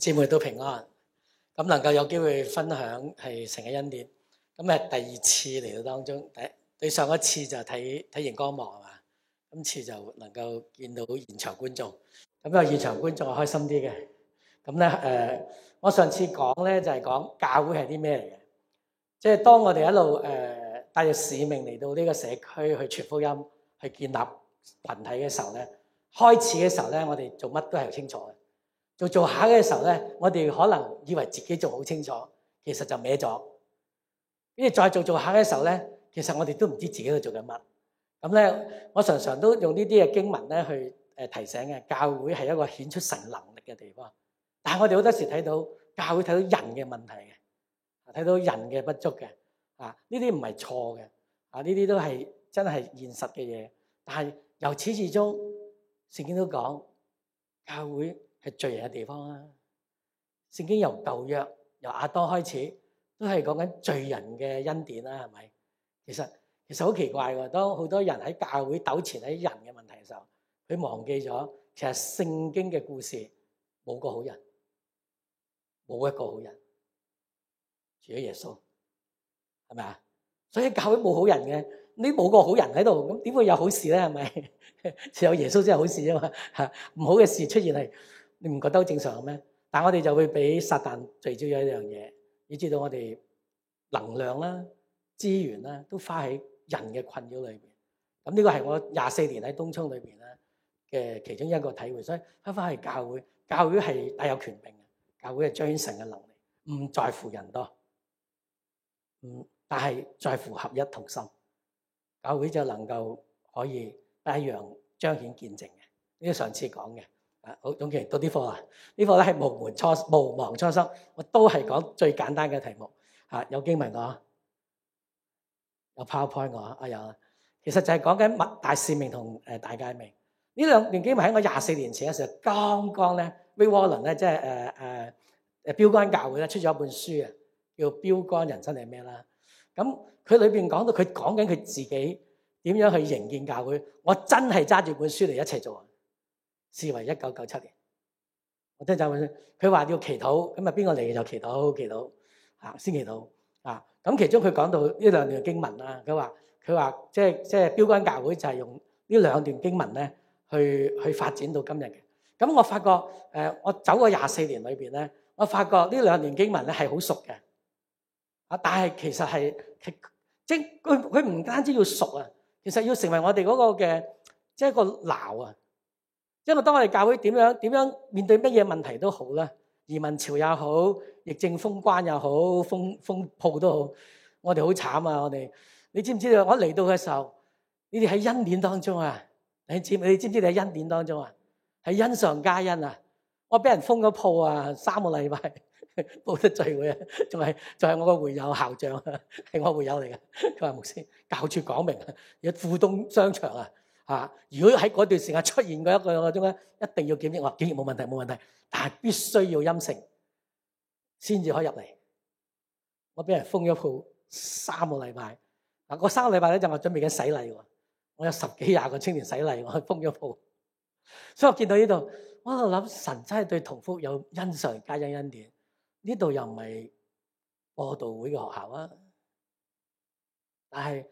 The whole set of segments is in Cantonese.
姐妹都平安，咁能夠有機會分享係成個恩典，咁誒第二次嚟到當中，第對上一次就睇睇熒光幕係嘛，今次就能夠見到現場觀眾，咁啊現場觀眾係開心啲嘅，咁咧誒，我上次講咧就係、是、講教會係啲咩嚟嘅，即係當我哋一路誒帶住使命嚟到呢個社區去傳福音，去建立群體嘅時候咧，開始嘅時候咧我哋做乜都係清楚嘅。做做下嘅時候咧，我哋可能以為自己做好清楚，其實就歪咗。跟住再做做下嘅時候咧，其實我哋都唔知自己喺度做緊乜。咁咧，我常常都用呢啲嘅經文咧去誒提醒嘅，教會係一個顯出神能力嘅地方。但係我哋好多時睇到教會睇到人嘅問題嘅，睇到人嘅不足嘅啊，呢啲唔係錯嘅啊，呢啲都係真係現實嘅嘢。但係由始至終，聖經都講教會係罪人嘅地方啦。聖經由舊約由亞當開始，都係講緊罪人嘅恩典啦，係咪？其實其實好奇怪噶，當好多人喺教會糾纏喺人嘅問題嘅時候，佢忘記咗其實聖經嘅故事冇個好人，冇一個好人，除咗耶穌，係咪啊？所以教會冇好人嘅，你冇個好人喺度，咁點會有好事咧？係咪？只有耶穌真係好事啊嘛。吓，唔好嘅事出現係。你唔覺得好正常咩？但係我哋就會俾撒旦聚焦咗一樣嘢，你知道我哋能量啦、資源啦，都花喺人嘅困擾裏邊。咁呢個係我廿四年喺東涌裏邊啦嘅其中一個體會。所以翻翻係教會，教會係大有權柄嘅，教會係彰顯神嘅能力，唔在乎人多，唔但係在乎合一同心，教會就能夠可以帶揚彰顯見證嘅。呢個上次講嘅。好，總、嗯、結到啲課啊！呢課咧係毋忘初、毋忘初心，我都係講最簡單嘅題目。有經文我、啊，有 PowerPoint 我、啊，哎友啊，其實就係講緊大使命同大誡命。呢兩段經文喺我廿四年前嘅時候，剛剛咧 Rick Warren 咧即係誒誒標竿教會咧出咗一本書啊，叫《標竿人生》定係咩啦？咁佢裏面講到佢講緊佢自己點樣去營建教會，我真係揸住本書嚟一齊做。視為一九九七年，我聽就佢話要祈禱，咁啊邊個嚟嘅？就祈禱，祈禱啊先祈禱啊。咁其中佢講到呢兩段經文啦，佢話佢話即係即係標竿教會就係用呢兩段經文咧去去發展到今日嘅。咁我發覺誒，我走過廿四年裏邊咧，我發覺呢兩段經文咧係好熟嘅啊。但係其實係即係佢佢唔單止要熟啊，其實要成為我哋嗰個嘅即係一個鬧啊。因為當我哋教會點樣點樣面對乜嘢問題都好啦，移民潮又好，疫症封關又好，封封鋪都好，我哋好慘啊！我哋，你知唔知道？我嚟到嘅時候，你哋喺恩典當中啊？你知，知你知唔知你喺恩典當中啊？喺恩上加恩啊！我俾人封咗鋪啊，三個禮拜冇得聚會啊，仲係仲係我個會友校長啊，係我會友嚟嘅，佢話牧師教主講明啊，有富東商場啊。啊！如果喺嗰段時間出現過一個嗰種咧，一定要檢驗。我話檢驗冇問題，冇問題，但係必須要陰性先至可以入嚟。我俾人封咗鋪三個禮拜。嗱，三個禮拜咧就我準備緊洗禮喎。我有十幾廿個青年洗禮，我係封咗鋪。所以我見到呢度，我喺度諗，神真係對同福有恩上加恩恩典。呢度又唔係播道會嘅學校啊，但係。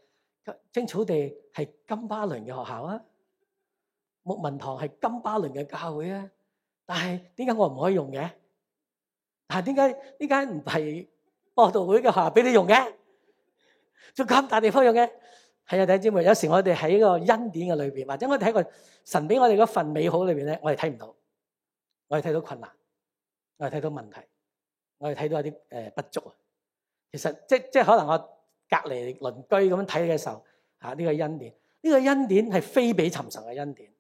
青草地係金巴倫嘅學校啊，牧民堂係金巴倫嘅教會啊，但係點解我唔可以用嘅？但係點解點解唔係播道會嘅學校俾你用嘅？做咁大地方用嘅？係啊，弟兄姊妹，有時我哋喺個恩典嘅裏邊，或者我哋喺個神俾我哋嗰份美好裏邊咧，我哋睇唔到，我哋睇到困難，我哋睇到問題，我哋睇到一啲誒不足啊。其實即即可能我。隔籬鄰居咁樣睇嘅時候，吓呢個恩典，呢個恩典係非比尋常嘅恩典。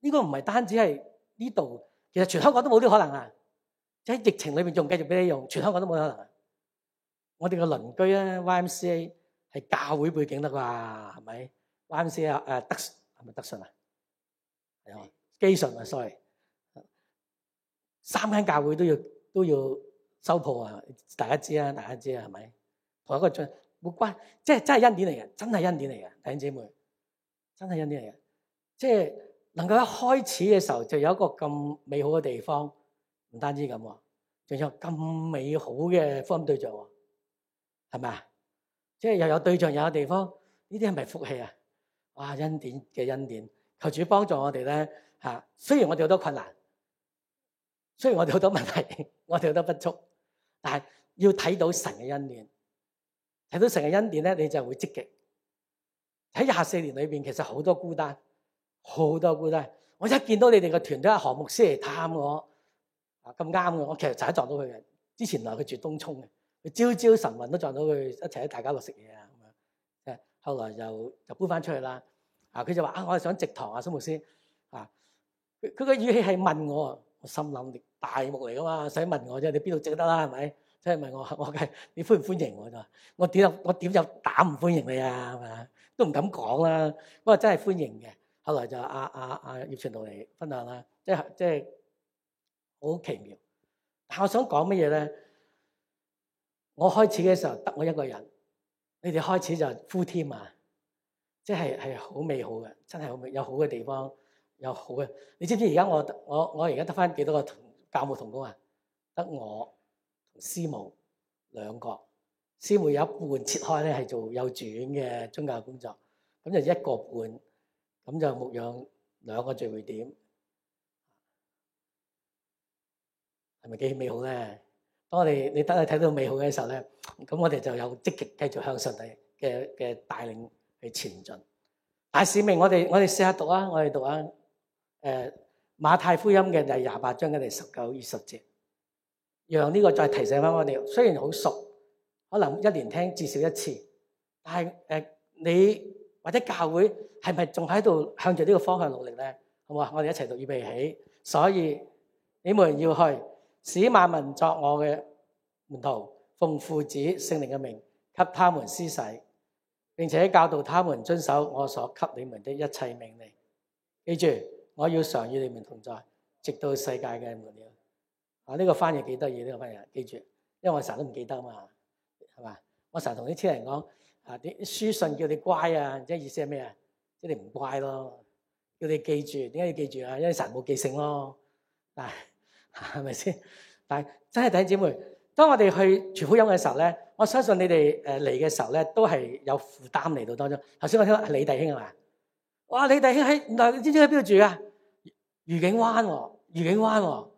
呢個唔係單止係呢度，其實全香港都冇啲可能啊！喺疫情裏面仲繼續俾你用，全香港都冇可能。我哋嘅鄰居咧，YMCA 係教會背景得啩？係咪？YMCA 誒德係咪德順啊？係啊，基信啊，sorry，三間教會都要都要。收鋪啊！大家知啊，大家知啊，係咪？同一個進冇關，即係真係恩典嚟嘅，真係恩典嚟嘅，弟兄姊妹，真係恩典嚟嘅。即係能夠一開始嘅時候就有一個咁美好嘅地方，唔單止咁喎，仲有咁美好嘅福音對象喎，係咪啊？即係又有對象，又有地方，呢啲係咪福氣啊？哇！恩典嘅恩典，求主幫助我哋咧嚇。雖然我哋好多困難，雖然我哋好多問題，我哋好多不足。但係要睇到神嘅恩典，睇到神嘅恩典咧，你就會積極。喺廿四年裏邊，其實好多孤單，好多孤單。我一見到你哋嘅團隊，何牧師嚟探我，啊咁啱嘅，我其實就係撞到佢嘅。之前嚟，佢住東涌嘅，佢朝朝晨運都撞到佢，一齊喺大家樂食嘢啊咁樣。誒，後來就就搬翻出去啦。啊，佢就話啊，我係想直堂啊，蘇牧師啊，佢佢個語氣係問我。心諗大目嚟噶嘛，使問我啫？你邊度值得啦？係咪？即係問我，我係你歡唔歡迎我？就我點我點有膽唔歡迎你啊？係咪？都唔敢講啦。不過真係歡迎嘅。後來就阿阿阿葉傳道嚟分享啦，即係即係好奇妙。但我想講乜嘢咧？我開始嘅時候得我一個人，你哋開始就呼添啊，即係係好美好嘅，真係有好嘅地方。有好嘅，你知唔知而家我得我我而家得返幾多個同教務同工啊？得我同師母兩個，師母有一半切開咧係做幼稚園嘅宗教工作，咁就一個半，咁就牧養兩個聚會點，係咪幾美好咧？當我哋你得睇到美好嘅時候咧，咁我哋就有積極繼續向上帝嘅嘅帶領去前進。大使命，我哋我哋試下讀啊，我哋讀啊。誒，馬太福音嘅就係廿八章嘅第十九、二十節，讓呢個再提醒翻我哋，雖然好熟，可能一年聽至少一次，但係誒、呃，你或者教會係咪仲喺度向住呢個方向努力咧？好嘛，我哋一齊讀預備起。所以你們要去，使萬民作我嘅門徒，奉父子聖靈嘅名，給他們施洗，並且教導他們遵守我所給你們的一切命令。記住。我要常與你們同在，直到世界嘅末了。啊，呢個翻譯幾得意呢個翻譯，記住，因為我成日都唔記得啊嘛，係嘛？我成日同啲親人講，啊啲書信叫你乖啊，即係意思係咩啊？即係你唔乖咯，叫你記住，點解要記住啊？因為你成日冇記性咯，係咪先？但係真係弟兄姐妹，當我哋去傳福音嘅時候咧，我相信你哋誒嚟嘅時候咧，都係有負擔嚟到當中。頭先我聽到係李弟兄係嘛？哇，李弟兄喺，你知唔知喺邊度住啊？愉景灣喎、啊，愉景灣喎、啊，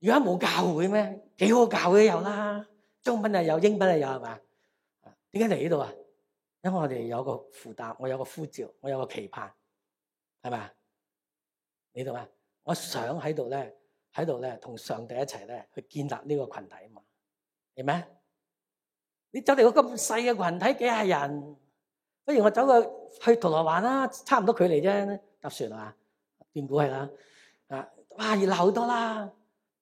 而家冇教會咩？幾好教會也有啦、啊，中文啊有，英文啊有係嘛？點解嚟呢度啊？因為我哋有個負擔，我有個呼召，我有個期盼，係咪啊？嚟度啊！我想喺度咧，喺度咧，同上帝一齊咧，去建立呢個群體啊嘛，明咩？你走嚟個咁細嘅群體幾廿人？不如我走個去，去銅鑼灣啦，差唔多距離啫，搭船係嘛？變故係啦，啊，哇，熱鬧好多啦！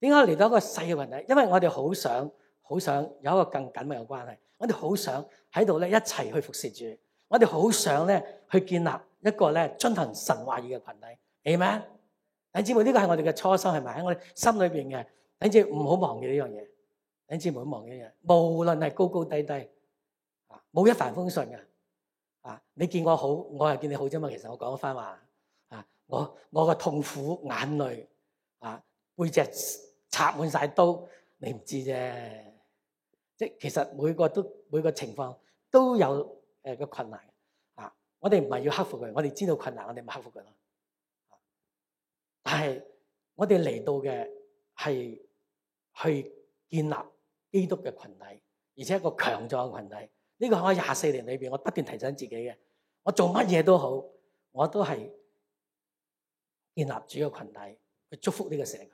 點解嚟到一個細嘅群體？因為我哋好想，好想有一個更緊密嘅關係。我哋好想喺度咧一齊去服侍主。我哋好想咧去建立一個咧遵行神話語嘅群體，係咪啊？弟兄姊妹，呢個係我哋嘅初心，係咪？喺我哋心裏邊嘅，總之唔好忘記呢樣嘢。弟兄姊妹唔好忘記呢樣，無論係高高低低，啊，冇一帆風順嘅。啊，你見我好，我又見你好啫嘛。其實我講翻話。我我個痛苦眼淚啊，背脊插滿晒刀，你唔知啫。即係其實每個都每個情況都有誒個困難啊。我哋唔係要克服佢，我哋知道困難，我哋唔克服佢咯。但係我哋嚟到嘅係去建立基督嘅群體，而且一個強壯嘅群體。呢個喺我廿四年裏邊，我不斷提醒自己嘅。我做乜嘢都好，我都係。建立主嘅群體，去祝福呢個社區，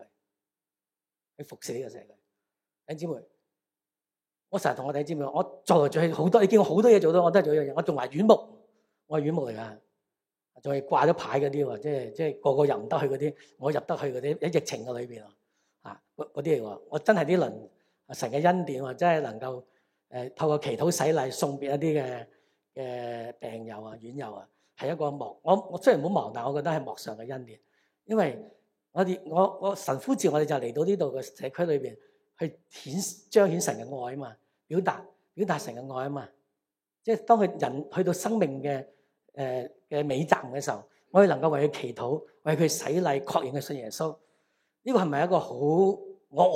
去服侍呢個社區。弟兄姊妹，我成日同我哋弟兄姊妹，我做嚟做去好多，你見我好多嘢做到，我都係做一樣嘢。我仲話院牧，我係院牧嚟㗎，仲係掛咗牌嗰啲喎，即係即係個個入唔得去嗰啲，我入得去嗰啲喺疫情嘅裏邊啊，啊嗰啲嚟喎，我真係啲神嘅恩典喎，真係能夠誒、呃、透過祈禱洗禮送別一啲嘅誒病友啊、院友啊，係一個幕。我我雖然冇忙，但係我覺得係幕上嘅恩典。因為我哋我我神呼召我哋就嚟到呢度嘅社區裏邊，去顯彰顯神嘅愛啊嘛，表達表達神嘅愛啊嘛。即係當佢人去到生命嘅誒嘅尾站嘅時候，我哋能夠為佢祈禱，為佢洗禮，確認佢信耶穌，呢個係咪一個好我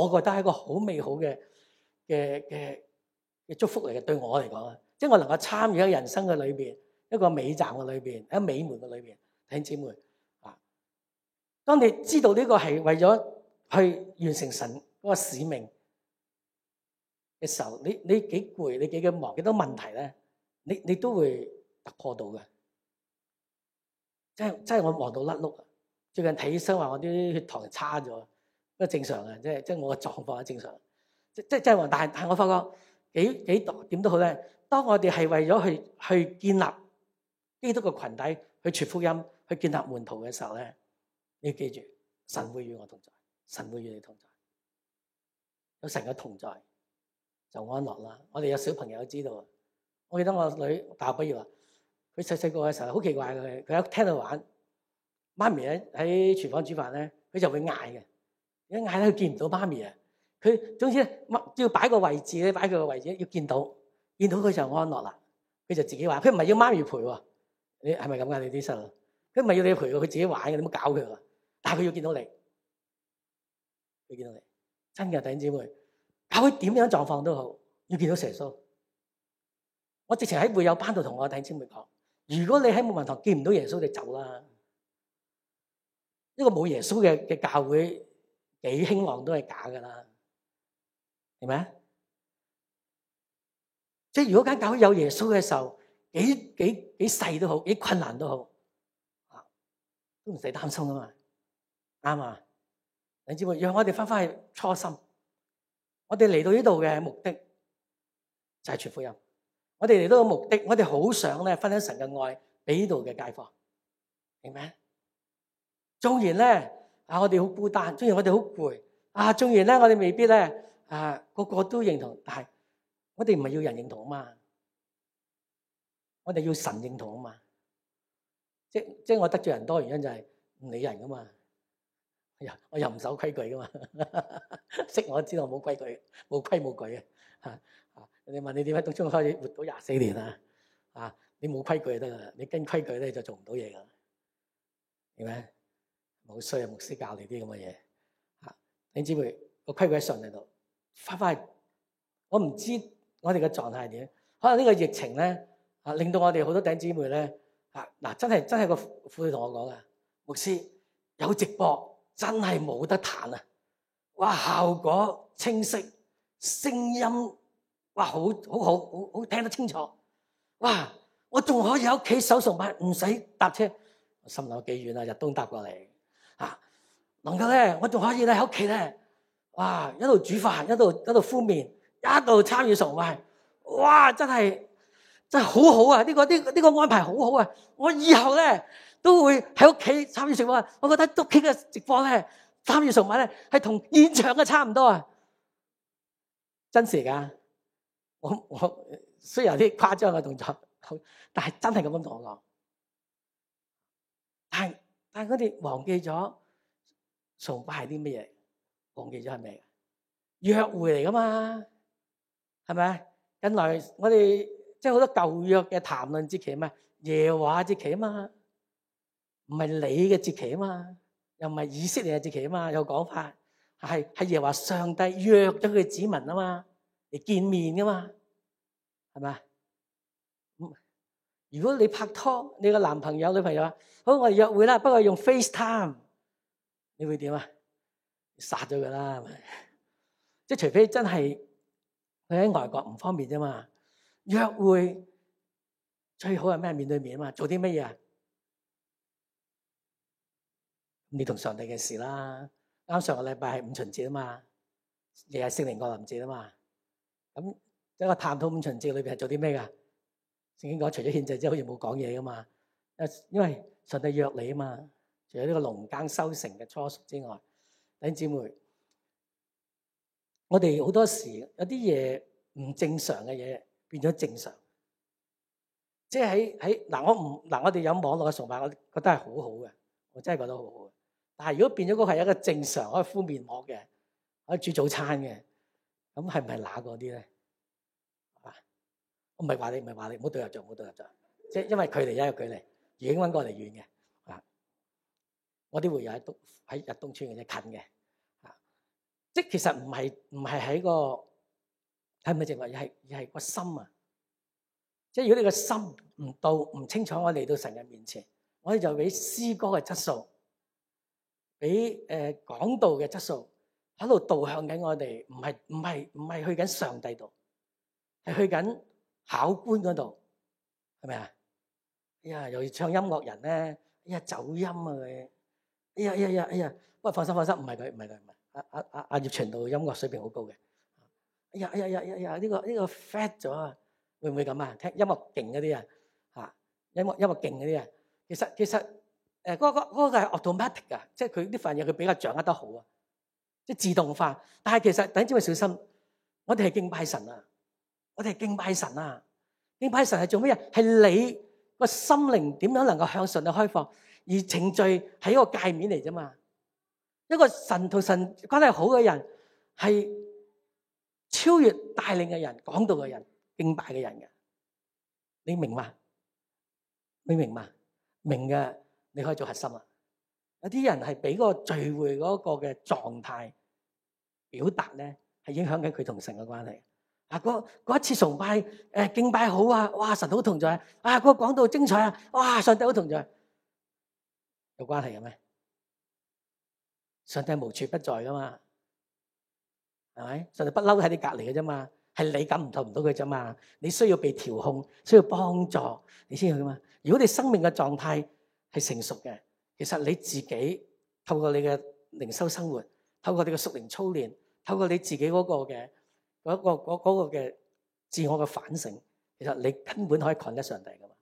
我覺得係一個好美好嘅嘅嘅嘅祝福嚟嘅？對我嚟講啊，即係我能夠參與喺人生嘅裏邊，一個尾站嘅裏邊喺尾門嘅裏邊，弟兄姊妹。當你知道呢個係為咗去完成神嗰個使命嘅時候，你你幾攰，你幾嘅忙，幾多問題咧，你你都會突破到嘅。即係即係我忙到甩碌，最近睇醫生話我啲血糖差咗，不過正常嘅，即係即係我個狀況係正常。即即即係話，但係但係我發覺幾幾點都好咧。當我哋係為咗去去建立基督嘅群體，去傳福音，去建立門徒嘅時候咧。你要記住，神會與我同在，神會與你同在。有神嘅同在，同在就安樂啦。我哋有小朋友都知道啊。我記得我女大個要啦，佢細細個嘅時候好奇怪嘅，佢佢喺廳度玩，媽咪喺喺廚房煮飯咧，佢就會嗌嘅。一嗌咧，佢見唔到媽咪啊。佢總之咧，要擺個位置咧，擺佢個位置要見到，見到佢就安樂啦。佢就自己玩，佢唔係要媽咪陪喎。你係咪咁噶？你啲神，佢唔係要你陪佢，佢自己玩嘅，你冇搞佢啊。但佢要見到你，要見到你，親愛嘅弟兄姊妹，教會點樣狀況都好，要見到耶穌。我直情喺會友班度同我弟兄姊妹講：如果你喺牧民堂見唔到耶穌，你走啦。呢個冇耶穌嘅嘅教會，幾興旺都係假噶啦，明嘛？即係如果間教會有耶穌嘅時候，幾幾幾細都好，幾困難都好，都唔使擔心啊嘛。啱啊！你知唔知？讓我哋翻翻去初心。我哋嚟到呢度嘅目的就係傳福音。我哋嚟到個目的，我哋好想咧分享神嘅愛俾呢度嘅街坊。明唔明？縱然咧啊，我哋好孤單；縱然我哋好攰啊；縱然咧我哋未必咧啊個個都認同，但係我哋唔係要人認同啊嘛，我哋要神認同啊嘛。即即我得罪人多，原因就係唔理人噶嘛。我又唔守規矩噶嘛，識我知道冇規矩，冇規冇矩嘅嚇嚇。你問你點解到中可以活到廿四年啊？啊， 你冇規矩得噶啦，你跟規矩咧就做唔到嘢噶啦，係咪？冇需要牧師教你啲咁嘅嘢嚇。頂 姊妹個規矩喺順喺度，快快。我唔知我哋嘅狀態係點，可能呢個疫情咧嚇令到我哋好多頂姊妹咧嚇，嗱，真係真係個婦婦女同我講噶 牧師有直播。真係冇得彈啊！哇，效果清晰，聲音哇好好好好好聽得清楚。哇！我仲可以喺屋企守崇拜，唔使搭車。心諗幾遠啊，日東搭過嚟啊，能夠咧，我仲可以咧喺屋企咧，哇，一路煮飯，一路一路敷面，一路參與崇拜。哇！真係真係好好啊！呢個呢呢個安排好好啊！我以後咧，都會喺屋企參與直播，我覺得屋企嘅直播咧，參與崇拜咧係同現場嘅差唔多啊，真實噶。我我雖然有啲誇張嘅動作，但係真係咁樣講噶。但係但係我哋忘記咗崇拜係啲乜嘢，忘記咗係咩？約會嚟噶嘛，係咪？近來我哋即係好多舊約嘅談論之期，唔係夜話之期啊嘛。唔係你嘅節期啊嘛，又唔係以色列嘅節期啊嘛，有講法係係耶華上帝約咗佢子民啊嘛嚟見面噶嘛，係咪啊？如果你拍拖，你個男朋友女朋友啊，好，我哋約會啦，不過用 FaceTime，你會點啊？殺咗佢啦！係咪？即係除非真係佢喺外國唔方便啫嘛，約會最好係咩？面對面啊嘛，做啲乜嘢？你同上帝嘅事啦，啱上個禮拜係五旬節啊嘛，亦係聖靈降臨節啊嘛。咁一個探討五旬節裏邊係做啲咩噶？聖經講除咗獻祭之後，好似冇講嘢噶嘛。因為上帝約你啊嘛，除咗呢個農耕收成嘅初熟之外，弟兄姊妹，我哋好多時有啲嘢唔正常嘅嘢變咗正常，即係喺喺，嗱，我唔，嗱，我哋有網絡嘅崇拜，我覺得係好好嘅，我真係覺得好好嘅但係如果變咗個係一個正常可以敷面膜嘅，可以煮早餐嘅，咁係唔係乸嗰啲咧？啊，唔係話你，唔係話你，唔好對入咗，唔好對入咗。即係因為距離有一個距離，已經搵過嚟遠嘅啊。我啲會友喺東喺日東村嘅，近嘅啊、那個那個。即係其實唔係唔係喺個係咪淨係而係個心啊？即係如果你個心唔到唔清楚，我嚟到神嘅面前，我哋就俾詩歌嘅質素。俾誒講道嘅質素喺度導向緊我哋，唔係唔係唔係去緊上帝度，係去緊考官嗰度，係咪啊？呀，又要唱音樂人咧，呀，走音啊佢，呀呀呀呀，喂，放心放心，唔係佢唔係佢唔係，阿阿阿阿葉傳道音樂水平好高嘅，呀呀呀呀呀，呢個呢個 fat 咗啊，會唔會咁啊？聽音樂勁嗰啲啊，吓，音樂音樂勁嗰啲啊，其實其實。誒、那個，嗰、那個嗰個係 automatic 噶，即係佢啲份嘢佢比較掌握得好啊，即係自動化。但係其實等一知咪小心，我哋係敬拜神啊，我哋係敬拜神啊，敬拜神係做咩啊？係你個心靈點樣能夠向神去開放，而程序係一個界面嚟啫嘛。一個神同神關係好嘅人，係超越帶領嘅人、講道嘅人、敬拜嘅人嘅，你明嘛？你明嘛？明嘅。你可以做核心啊！有啲人係俾嗰個聚會嗰個嘅狀態表達咧，係影響緊佢同神嘅關係。嗱，嗰嗰一次崇拜誒敬拜好啊，哇！神好同在啊！嗰個講到精彩啊，哇！上帝好同在，有關係嘅咩？上帝無處不在噶嘛，係咪？上帝不嬲喺你隔籬嘅啫嘛，係你感受唔到佢啫嘛。你需要被調控，需要幫助，你先去嘛。如果你生命嘅狀態，係成熟嘅，其實你自己透過你嘅靈修生活，透過你嘅屬靈操練，透過你自己嗰、嗰個嘅、嗰個、嗰個嘅自我嘅反省，其實你根本可以近得上帝噶嘛。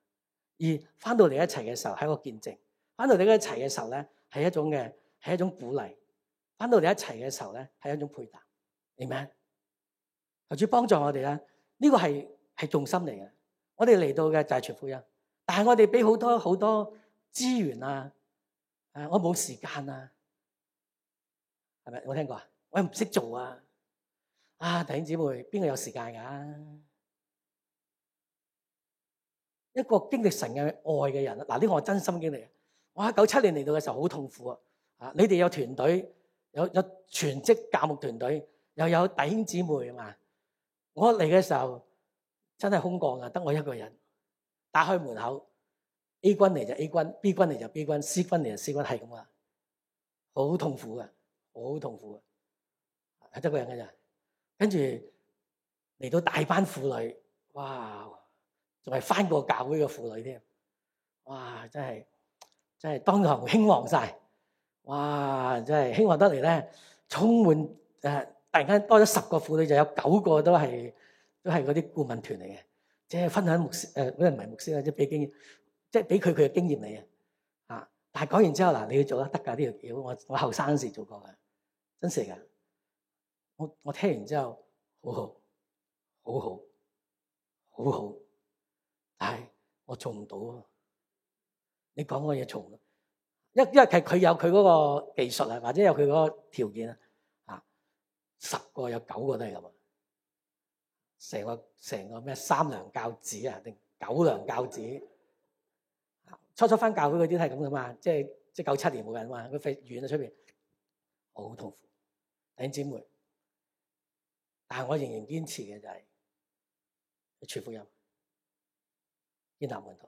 而翻到嚟一齊嘅時候，係一個見證；翻到嚟一齊嘅時候咧，係一種嘅係一種鼓勵；翻到嚟一齊嘅時候咧，係一種配搭，明唔明？求主幫助我哋啦，呢、呢個係係重心嚟嘅。我哋嚟到嘅就係全福音，但係我哋俾好多好多。很多資源啊，誒，我冇時間啊，係咪？我聽過啊，我又唔識做啊，啊弟兄姊妹，邊個有時間噶？一個經歷神嘅愛嘅人，嗱、這、呢個我真心經歷啊！我喺九七年嚟到嘅時候好痛苦啊，啊，你哋有團隊，有有全職教牧團隊，又有弟兄姊妹啊嘛，我嚟嘅時候真係空降啊，得我一個人，打開門口。A 君嚟，就 A 君，B 君嚟，就 B 君，C 君嚟，就 C 君，係咁啊！好痛苦啊，好痛苦啊，係得個人嘅咋？跟住嚟到大班婦女，哇！仲係翻過教會嘅婦女添，哇！真係真係當堂興旺晒。哇！真係興旺得嚟咧，充滿誒，突然間多咗十個婦女，就有九個都係都係嗰啲顧問團嚟嘅，即係分享牧師誒，嗰啲唔係牧師啦，即係俾經即係俾佢佢嘅經驗嚟啊，但係講完之後嗱，你要做得得㗎呢條橋，我我後生時做過嘅，真事㗎。我我聽完之後，好好，好好，好好，但係我做唔到啊！你講嗰嘢做唔到，一因為實佢有佢嗰個技術啊，或者有佢嗰個條件啊，十個有九個都係咁啊，成個成個咩三娘教子啊定九娘教子。初初翻教會嗰啲係咁噶嘛，即係即係九七年冇人嘛，佢飛遠咗出邊，我好痛苦，弟兄姊妹，但係我仍然堅持嘅就係傳福音、建立門徒。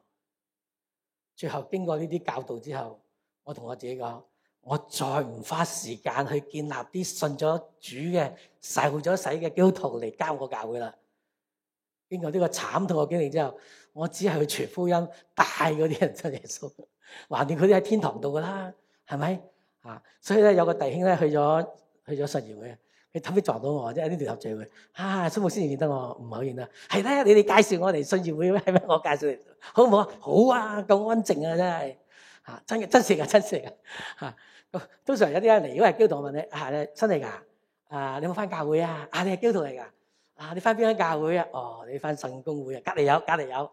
最後經過呢啲教導之後，我同我自己講，我再唔花時間去建立啲信咗主嘅、受咗洗嘅基督徒嚟教我教會啦。經過呢個慘痛嘅經歷之後。我只係去傳福音，帶嗰啲人出嚟。耶穌，橫掂佢哋喺天堂度噶啦，係咪啊？所以咧有個弟兄咧去咗去咗信義會，佢頭先撞到我，即係呢條合作佢，啊，蘇木先認得我，唔可以啦，係咧，你哋介紹我嚟信義會咩？係咩？我介紹你，好唔好啊？好啊，咁安靜啊，真係嚇，真嘅真事噶，真事啊。嘅嚇。通常有啲人嚟，如果係基督徒問你，係你新嚟噶啊？你，新啊你有冇翻教會啊？啊，你係基督徒嚟噶啊？你翻邊間教會啊，會啊？哦、啊，你翻信公會啊？隔離有，隔離有。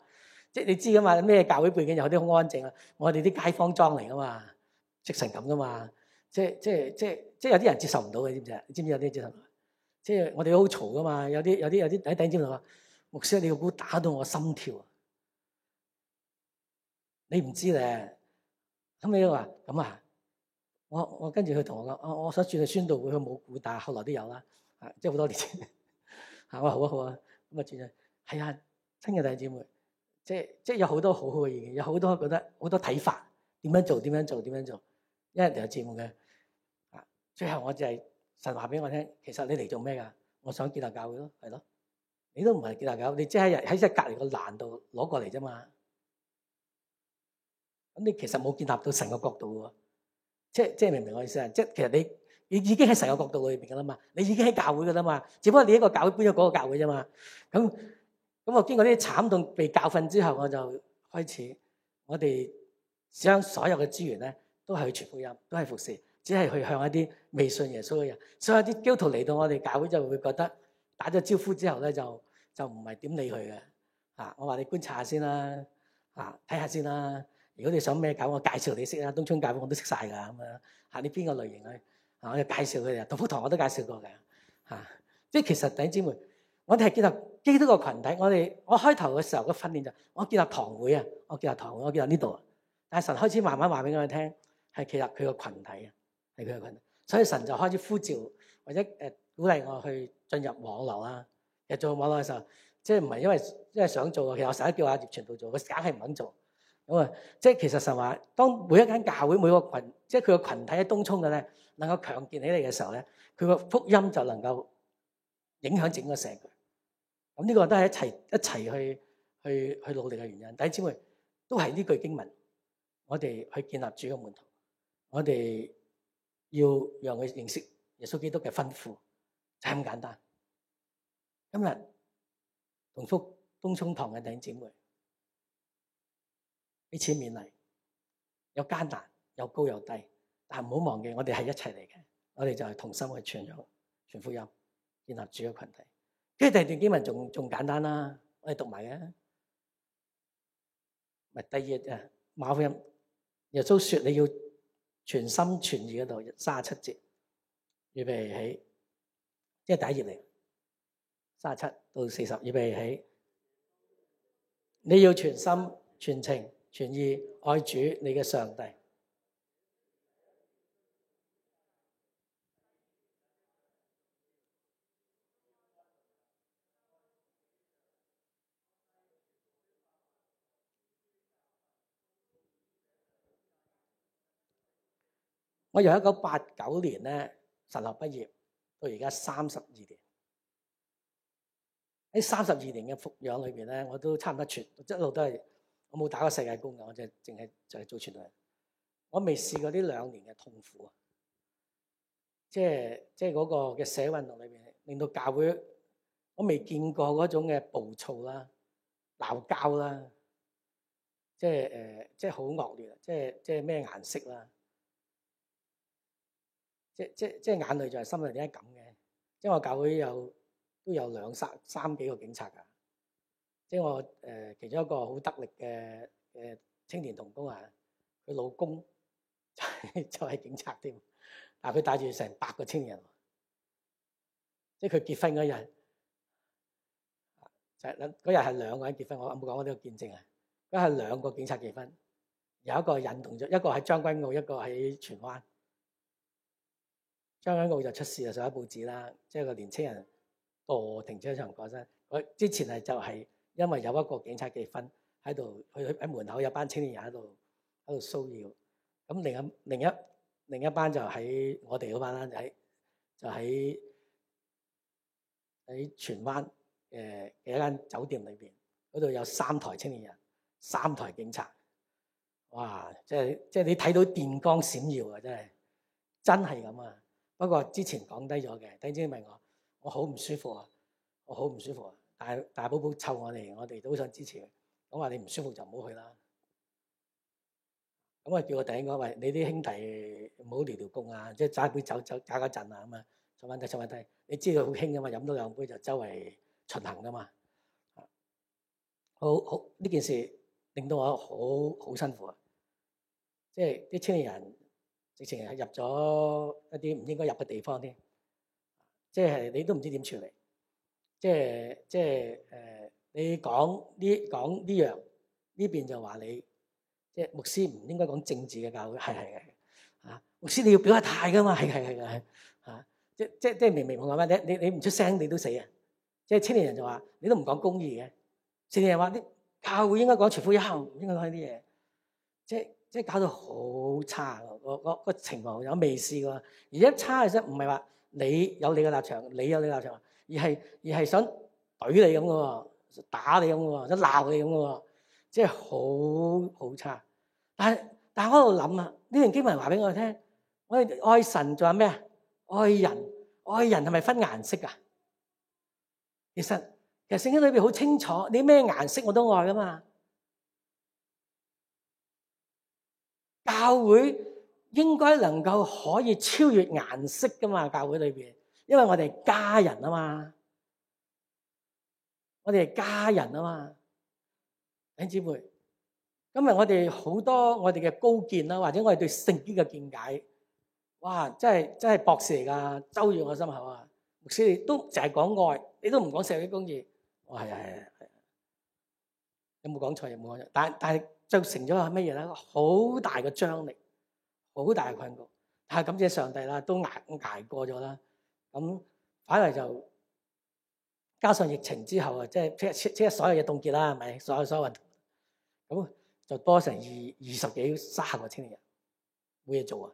即係你知噶嘛？咩教會背景有啲好安靜啊！我哋啲街坊裝嚟噶嘛，即成咁噶嘛。即係即係即係即係有啲人接受唔到嘅知唔知？你知唔知有啲即係？即係我哋好嘈噶嘛。有啲有啲有啲喺弟兄度話：牧師，你個鼓打到我心跳啊！你唔知咧。後尾話咁啊，我我跟住佢同我講：我我想轉去宣道會，去冇鼓打，後來都有啦，即係好多年前。嚇 哇！好啊好啊，咁啊轉啊，係、哎、啊，親嘅弟兄姊妹。即係即係有好多好好嘅意見，有好多覺得好多睇法，點樣做點樣做點樣做，因人一條節目嘅。啊，最後我就係神話俾我聽，其實你嚟做咩㗎？我想建立教會咯，係咯。你都唔係建立教會，你即係喺喺喺隔籬個欄度攞過嚟啫嘛。咁你其實冇建立到神嘅角度喎。即係即係明唔明我意思啊？即係其實你已已經喺神嘅角度裏邊㗎啦嘛，你已經喺教會㗎啦嘛，只不過你一個教會搬咗嗰個教會啫嘛。咁。咁我經過啲慘痛被教訓之後，我就開始，我哋將所有嘅資源咧，都係去傳福音，都係服侍，只係去向一啲未信耶穌嘅人。所以一啲基督徒嚟到我哋教會就會覺得打咗招呼之後咧，就就唔係點理佢嘅。啊，我話你觀察下先啦，啊，睇下先啦，啊。如果你想咩搞，我介紹你識啦，東涌教會我都識晒噶咁啊。睇你邊個類型啊，我哋介紹佢哋。道福堂我都介紹過嘅。嚇、啊，即係其實弟兄姊妹，我哋係見到。基督個羣體，我哋我開頭嘅時候個訓練就，我建立堂會啊，我建立堂會，我建立呢度啊。但係神開始慢慢話俾我哋聽，係其實佢個群體啊，係佢個群體。所以神就開始呼召或者誒鼓勵我去進入網絡啦。入做網絡嘅時候，即係唔係因為即係想做啊，其實我成日都叫阿葉傳道做，佢梗係唔肯做。咁啊，即係其實神話，當每一間教會每個群，即係佢個群體喺東涌嘅咧，能夠強健起嚟嘅時候咧，佢個福音就能夠影響整個社會。咁、這、呢個都係一齊一齊去去去努力嘅原因。弟兄姊妹都係呢句經文，我哋去建立主嘅門徒，我哋要讓佢認識耶穌基督嘅吩咐，就係咁簡單。今日同福東涌堂嘅弟兄姊妹，彼此勉勵，有艱難，有高有低，但係唔好忘記我哋係一齊嚟嘅，我哋就係同心去傳揚全福音，建立主嘅群體。跟住第二段經文仲仲簡單啦，我哋讀埋嘅，咪第二頁，啊。馬太福音耶穌說你要全心全意嗰度三十七節預備起，即係第一頁嚟，三十七到四十預備起，你要全心全情全意愛主你嘅上帝。我由一九八九年咧神學畢業到而家三十二年，喺三十二年嘅服養裏邊咧，我都差唔多全一路都係我冇打過世界工嘅，我淨係淨係就係做傳道人。我未試過呢兩年嘅痛苦啊！即係即係嗰個嘅社運動裏邊，令到教會我未見過嗰種嘅暴躁啦、鬧交啦，即係誒，即係好惡劣，即係即係咩顏色啦～即即即眼淚就係心裏點解咁嘅？即我教會也有都有兩三三幾個警察噶。即我誒、呃、其中一個好得力嘅誒、呃、青年同工啊，佢老公呵呵就係、是、警察添。但佢帶住成百個青年人。即佢結婚嗰日，就嗰日係兩個人結婚。我冇講我呢個見證啊，嗰日係兩個警察結婚，有一個引同咗，一個喺將軍澳，一個喺荃灣。張家澳就出事啊！上一報紙啦，即係個年青人墮停車場嗰陣。佢之前係就係因為有一個警察結婚喺度，佢喺門口有班青年人喺度喺度騷擾。咁另一另一另一班就喺我哋嗰班啦，就喺就喺喺荃灣誒一間酒店裏邊嗰度有三台青年人，三台警察。哇！即係即係你睇到電光閃耀啊！真係真係咁啊！不過之前講低咗嘅，突然之間問我，我好唔舒服啊！我好唔舒服啊！但係大寶寶湊我哋，我哋都想支持佢。我話你唔舒服就唔好去啦。咁啊，叫我第一個話你啲兄弟唔好調調工啊，即係揸杯酒走加加陣啊咁啊，坐返低坐返低。你知佢好興㗎嘛？飲多兩杯就周圍巡行㗎嘛。好好呢件事令到我好好辛苦啊！即係啲青年人。直情係入咗一啲唔應該入嘅地方添，即係你都唔知點處理，即係即係誒，你講呢講呢樣呢邊就話你，即係牧師唔應該講政治嘅教會。係係嘅，啊，牧師你要表下態㗎嘛，係係係嘅，嚇、啊，即即即係明明冇講咩？你你你唔出聲你都死啊！即係青年人就話你都唔講公義嘅，青年人話啲教會應該講傳福音，應該講呢啲嘢，即係。即係搞到好差，我我個個情況有未試過，而一差其實唔係話你有你嘅立場，你有你嘅立場，而係而係想懟你咁噶，打你咁噶，想鬧你咁噶，即係好好差。但係但係我喺度諗啊，呢段經文話俾我聽，我愛神仲有咩啊？愛人，愛人係咪分顏色噶？其實其實聖經裏邊好清楚，你咩顏色我都愛噶嘛。教會應該能夠可以超越顏色噶嘛？教會裏邊，因為我哋係家人啊嘛，我哋係家人啊嘛，弟兄姊妹，今日我哋好多我哋嘅高見啦，或者我哋對聖經嘅見解，哇，真係真係博士嚟噶，周繞我心口啊！牧師你都淨係講愛，你都唔講社會公義，我係係係，有冇講錯有冇，但但。就成咗乜嘢咧？好大嘅張力，好大嘅困局。但係感謝上帝啦，都挨挨過咗啦。咁反嚟就加上疫情之後啊，即係即係即係所有嘢凍結啦，係咪？所有所有咁就多成二二十幾三個青年人冇嘢做啊，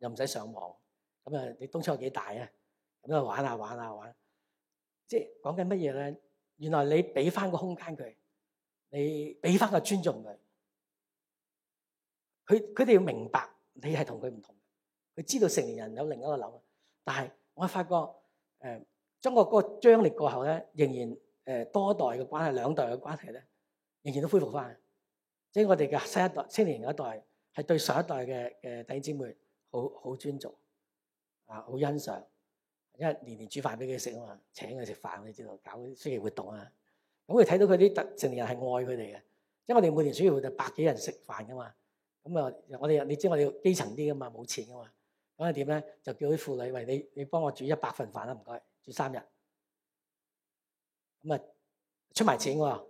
又唔使上網咁啊！你當初有幾大那就玩啊？咁喺度玩下玩下玩，即係講緊乜嘢咧？原來你俾翻個空間佢，你俾翻個尊重佢。佢佢哋，要明白你係同佢唔同，佢知道成年人有另一個諗。但係我發覺誒，經過嗰個張力過後咧，仍然誒多代嘅關係、兩代嘅關係咧，仍然都恢復翻。即係我哋嘅新一代、青年一代係對上一代嘅誒弟兄姊妹好好尊重啊，好欣賞，因為年年煮飯俾佢食啊嘛，請佢食飯，你知道搞暑期活動啊。咁佢睇到佢啲特成年人係愛佢哋嘅，因為我哋每年暑期活動百幾人食飯噶嘛。咁啊！我哋你知我哋基層啲噶嘛，冇錢噶嘛。咁係點咧？就叫啲婦女喂，你，你幫我煮一百份飯啦，唔該，煮三日。咁啊，出埋錢喎。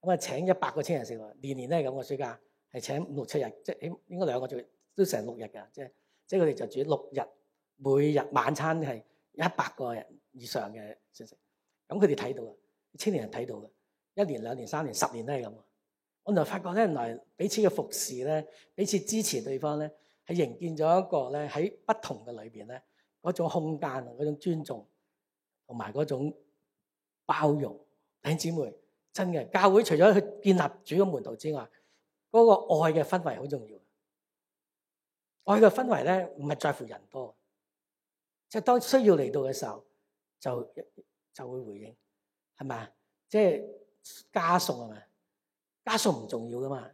咁啊，請一百個青年人食喎。年年都係咁嘅暑假，係請五六七日，即係應該兩個月，都成六日㗎，即係即係佢哋就煮六日，每日晚餐係一百個人以上嘅先食。咁佢哋睇到嘅，青年人睇到嘅，一年、兩年、三年、十年都係咁。我就發覺咧，原來彼此嘅服侍咧，彼此支持對方咧，係營建咗一個咧喺不同嘅裏邊咧嗰種空間、嗰種尊重同埋嗰種包容。弟兄姊妹，真嘅，教會除咗去建立主嘅門徒之外，嗰個愛嘅氛圍好重要。愛嘅氛圍咧，唔係在乎人多，即係當需要嚟到嘅時候就就會回應，係咪啊？即係家屬係咪？加餸唔重要噶嘛？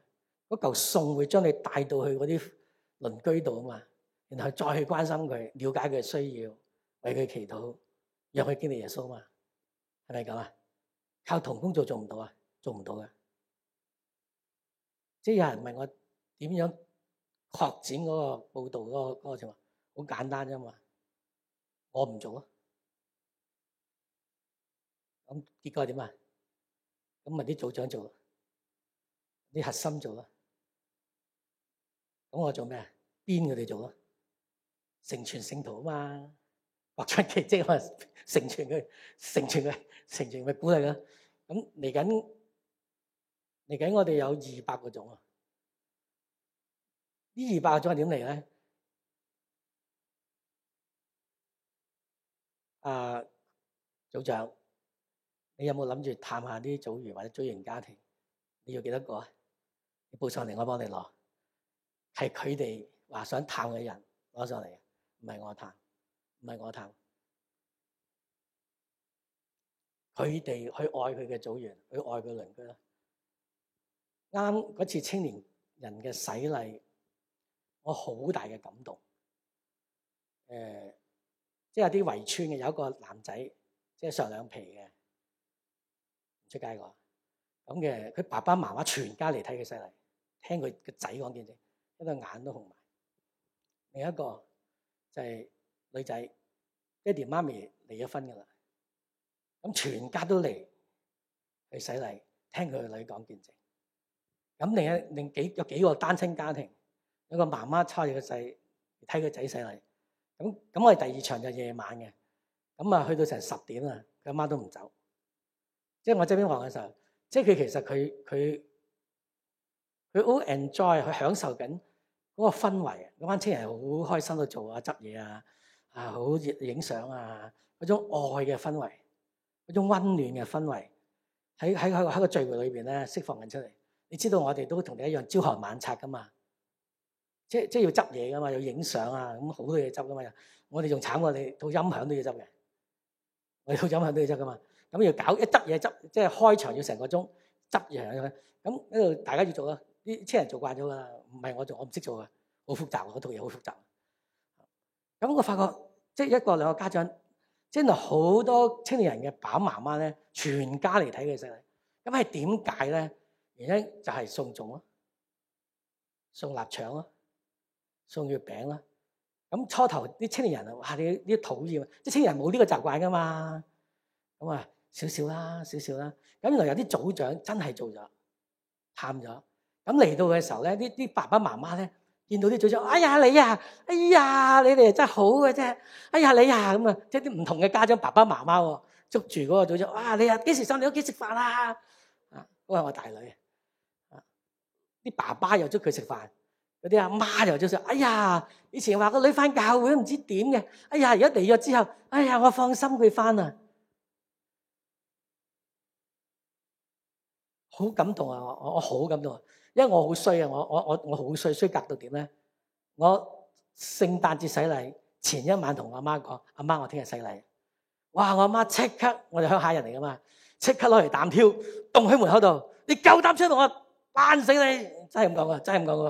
嗰嚿餸會將你帶到去嗰啲鄰居度啊嘛，然後再去關心佢、了解佢需要、為佢祈禱，讓佢經歷耶穌嘛？係咪咁啊？靠同工做做唔到啊，做唔到噶。即係有人問我點樣擴展嗰個報道嗰個嗰個情況，好簡單啫嘛。我唔做啊，咁結果點啊？咁問啲組長做。你核心做啦，咁我做咩啊？編佢哋做咯，成全聖徒啊嘛，畫出奇蹟啊嘛，成全佢，成全佢，成全佢，鼓勵佢。咁嚟緊嚟緊，我哋有二百個種啊！呢二百個種係點嚟咧？啊，組長，你有冇諗住探下啲組員或者組員家庭？你要幾多個啊？報上嚟，我幫你攞。係佢哋話想探嘅人攞上嚟，唔係我探，唔係我探。佢哋去愛佢嘅組員，去愛佢鄰居咯。啱嗰次青年人嘅洗禮，我好大嘅感動。誒、呃，即係有啲圍村嘅，有一個男仔，即係上兩皮嘅，唔出街個咁嘅，佢爸爸媽媽全家嚟睇佢洗禮。聽佢個仔講見證，聽到眼都紅埋；另一個就係女仔，爹哋媽咪離咗婚噶啦，咁全家都嚟嚟洗禮。聽佢女講見證，咁另一另幾有幾個單親家庭，有個媽媽湊住個仔嚟睇佢仔洗禮。咁咁我哋第二場就夜晚嘅，咁啊去到成十點啦，佢阿媽，媽都唔走。即係我即邊講嘅時候，即係佢其實佢佢。他佢好 enjoy，佢享受緊嗰個氛圍。嗰班青人好開心到做啊，執嘢啊，啊好影相啊，嗰種愛嘅氛圍，嗰種溫暖嘅氛圍喺喺喺個聚會裏邊咧釋放緊出嚟。你知道我哋都同你一樣朝寒晚拆㗎嘛，即係即係要執嘢㗎嘛，要影相啊，咁好多嘢執㗎嘛。我哋仲慘過你，套音響都要執嘅，我哋套音響都要執㗎嘛。咁要搞一執嘢執，即係開場要成個鐘執嘢啊！咁喺度大家要做啊～啲青年人做慣咗噶啦，唔係我做，我唔識做噶，好複雜嗰套嘢，好複雜的。咁我發覺即係一個兩個家長，即係好多青年人嘅爸媽媽咧，全家嚟睇佢食。咁係點解咧？原因就係送粽咯，送臘腸咯，送月餅啦。咁初頭啲青年人啊，哇！你呢啲討厭，啲青年人冇呢個習慣噶嘛。咁啊，少少啦，少少啦。咁原來有啲組長真係做咗，喊咗。咁嚟到嘅時候咧，啲啲爸爸媽媽咧見到啲組長，哎呀你啊，哎呀你哋真係好嘅啫，哎呀你啊咁啊，即係啲唔同嘅家長爸爸媽媽喎，捉住嗰個組長，哇你啊幾時上你屋企食飯啊？啊都係我大女，啊啲爸爸又捉佢食飯，嗰啲阿媽又捉佢，哎呀以前話個女返教會都唔知點嘅，哎呀而家嚟咗之後，哎呀我放心佢翻啊，好感動啊，我好感動。因為我好衰啊！我我我我好衰，衰格到點咧？我聖誕節洗禮前一晚同我阿媽講：，阿媽,媽，我聽日洗禮。哇！我阿媽即刻，我哋鄉下人嚟噶嘛，即刻攞嚟膽跳，凍喺門口度。你夠膽出嚟，我爛死你！真係咁講啊！真係咁講㗎！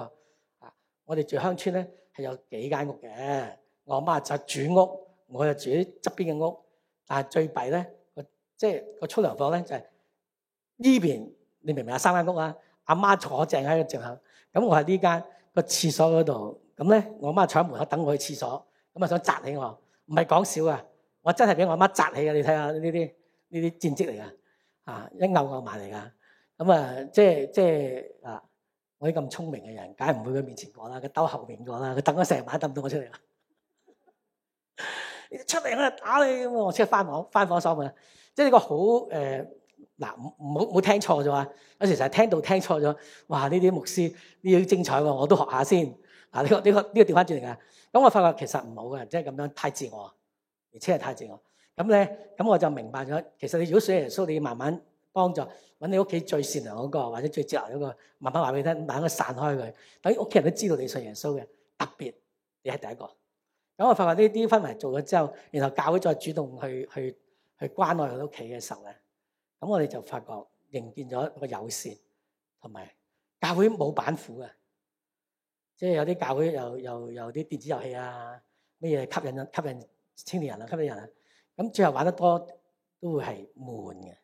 啊！我哋住鄉村咧，係有幾間屋嘅。我阿媽就住屋，我就住喺側邊嘅屋。但係最弊咧，即係個沖涼房咧、就是，就係呢邊。你明唔明啊？三間屋啊？阿媽，媽坐正喺個墳口，咁我喺呢間個廁所嗰度，咁咧我阿媽坐喺門口等我去廁所，咁啊想砸起我，唔係講笑啊，啊，啊，我真係俾我阿媽砸起嘅，你睇下呢啲呢啲戰績嚟噶，啊一拗拗埋嚟噶，咁啊即係即係啊我啲咁聰明嘅人，梗係唔會佢面前過啦，佢兜後面過啦，佢等咗成晚等唔到我出嚟啦，呵呵你出嚟我打你咁我即係翻房翻房鎖門啊，即係個好誒。呃嗱，唔好唔好聽錯咗啊！有時成日聽到聽錯咗，哇！呢啲牧師呢啲精彩喎，我都學下先。嗱，呢個呢個呢個調翻轉嚟啊！咁我發覺其實唔好㗎，即係咁樣太自我，而且係太自我。咁咧，咁我就明白咗，其實你如果信耶穌，你要慢慢幫助，搵你屋企最善良嗰個或者最接納嗰個，慢慢話俾你聽，慢慢散開佢，等屋企人都知道你信耶穌嘅。特別你係第一個，咁我發覺呢啲氛圍做咗之後，然後教會再主動去去去關愛佢屋企嘅時候咧。咁我哋就發覺，仍見咗個友善，同埋教會冇板斧嘅，即係有啲教會又又有啲電子遊戲啊，咩嘢吸引吸引青年人啊，吸引人啊，咁最後玩得多都會係悶嘅。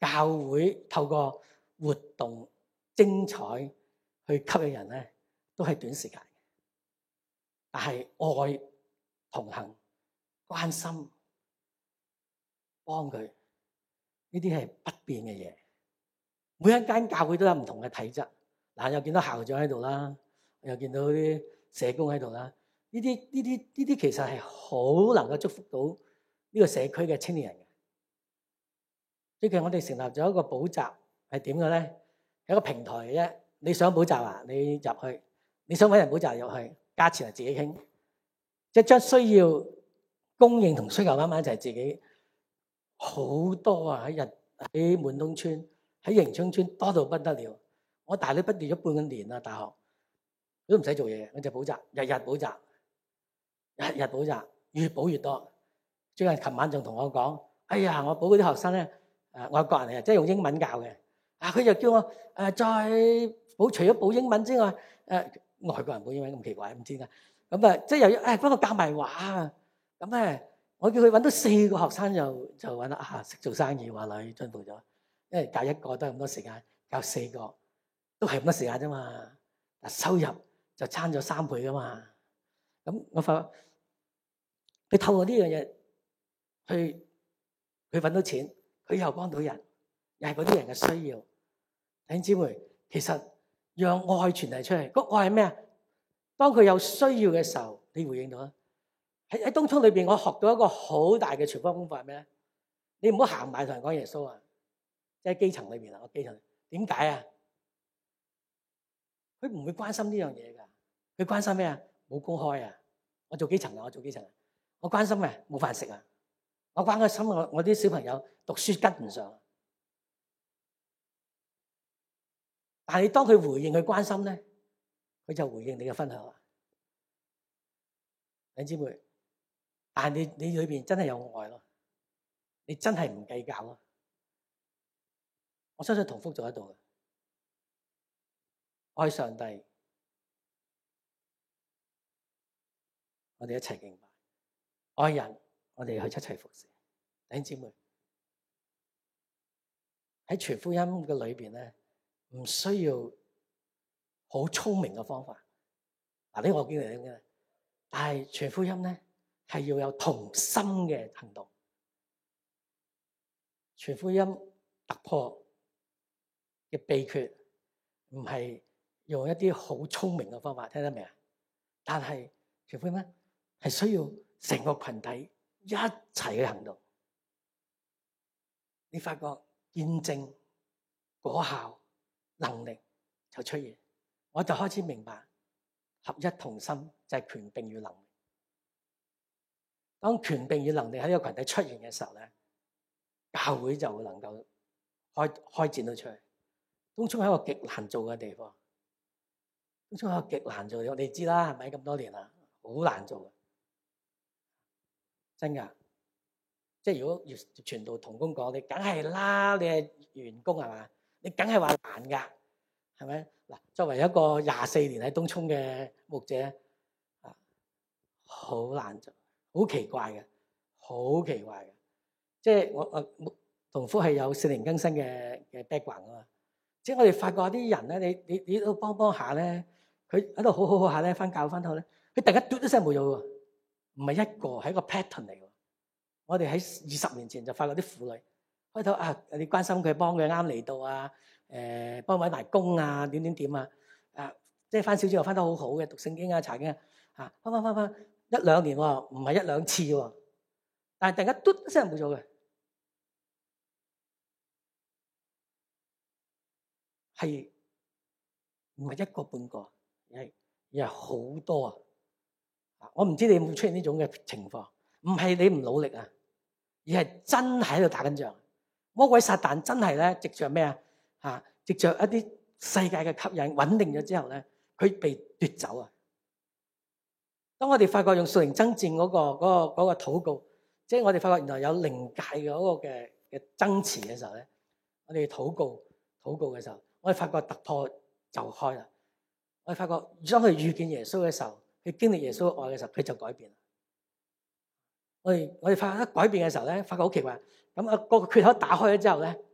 教會透過活動精彩去吸引人咧，都係短時間嘅，但係愛同行、關心、幫佢。呢啲係不變嘅嘢，每一間教會都有唔同嘅體質。嗱，又見到校長喺度啦，又見到啲社工喺度啦。呢啲呢啲呢啲其實係好能夠祝福到呢個社區嘅青年人嘅。最近我哋成立咗一個補習，係點嘅咧？有一個平台嘅啫。你想補習啊？你入去，你想揾人補習入去，價錢係自己傾。即係將需要供應同需求啱啱就係自己。好多啊！喺日喺滿東村，喺迎春村多到不得了。我大女畢業咗半個年啦，大學都唔使做嘢，我就補習，日日補習，日日補習，越補越多。最近琴晚仲同我講，哎呀，我補嗰啲學生咧，誒，外國人嚟嘅，即係用英文教嘅。啊，佢就叫我誒，再補除咗補英文之外，誒，外國人補英文咁奇怪，唔知啦。咁啊，即係又誒，不過教埋畫啊，咁咧。我叫佢揾到四個學生，又就揾得啊，識做生意話佢進步咗，因為教一個都係咁多時間，教四個都係咁多時間啫嘛。但，收入就差咗三倍噶嘛。咁我發覺，佢透過呢樣嘢，佢佢揾到錢，佢又幫到人，又係嗰啲人嘅需要。弟兄姊妹，其實讓愛傳遞出嚟，個愛係咩啊？當佢有需要嘅時候，你回應到啊？喺喺東涌裏邊，我學到一個好大嘅傳播方法係咩咧？你唔好行埋同人講耶穌啊！即係基層裏邊啊，我基層點解啊？佢唔會關心呢樣嘢噶，佢關心咩啊？冇公開啊！我做基層啊，我做基層啊，我關心咩？冇飯食啊！我關心我我啲小朋友讀書跟唔上。但係當佢回應佢關心咧，佢就回應你嘅分享啊，兩姊妹。但係你你裏邊真係有愛咯，你真係唔計較咯。我相信同福做得到嘅，愛上帝，我哋一齊敬拜，愛人，我哋去一齊服侍，弟兄姊妹喺傳福音嘅裏邊咧，唔需要好聰明嘅方法。嗱呢個我叫你點嘅，但係傳福音咧，係要有同心嘅行動，傳福音突破嘅秘訣唔係用一啲好聰明嘅方法，聽得明啊？但係傳福音係需要成個群體一齊去行動，你發覺見證果效能力就出現，我就開始明白合一同心就係、是、權柄與能力。當權柄與能力喺一個群體出現嘅時候咧，教會就能夠開開展到出嚟。東涌係一個極難做嘅地方，東涌係一個極難做嘅地方，你知啦，係咪咁多年啦，好難做，真噶。即係如果傳道同工講，你梗係啦，你係員工係嘛，你梗係話難噶，係咪？嗱，作為一個廿四年喺東涌嘅牧者，啊，好難做。好奇怪嘅，好奇怪嘅，即係我我同夫係有四年更新嘅嘅 background 啊嘛，即係我哋發覺啲人咧，你你你都幫幫下咧，佢喺度好好好下咧，翻教翻到咧，佢突然間一嘟一聲冇咗，唔係一個，係一個 pattern 嚟嘅。我哋喺二十年前就發覺啲婦女開頭啊，你關心佢，幫佢啱嚟到啊，誒幫揾埋工啊，點點點啊，啊即係翻小組又翻得好好嘅，讀聖經啊、查經啊，啊翻翻翻翻。一兩年喎，唔係一兩次喎，但係突然間嘟一聲冇咗嘅，係唔係一個半個，而係而係好多啊！我唔知你有冇出現呢種嘅情況？唔係你唔努力啊，而係真係喺度打緊仗，魔鬼撒旦真係咧，執着咩啊？吓，執着一啲世界嘅吸引，穩定咗之後咧，佢被奪走啊！當我哋發覺用屬靈爭戰嗰、嗰個、嗰、嗰個、嗰個禱告，即係我哋發覺原來有靈界嘅嗰、嗰個嘅嘅爭持嘅時候咧，我哋禱告禱告嘅時候，我哋發覺突破就開啦。我哋發覺當佢遇見耶穌嘅時候，佢經歷耶穌嘅愛嘅時候，佢就改變啦。我哋我哋發覺一改變嘅時候咧，發覺好奇怪。咁啊，個缺口打開咗之後咧，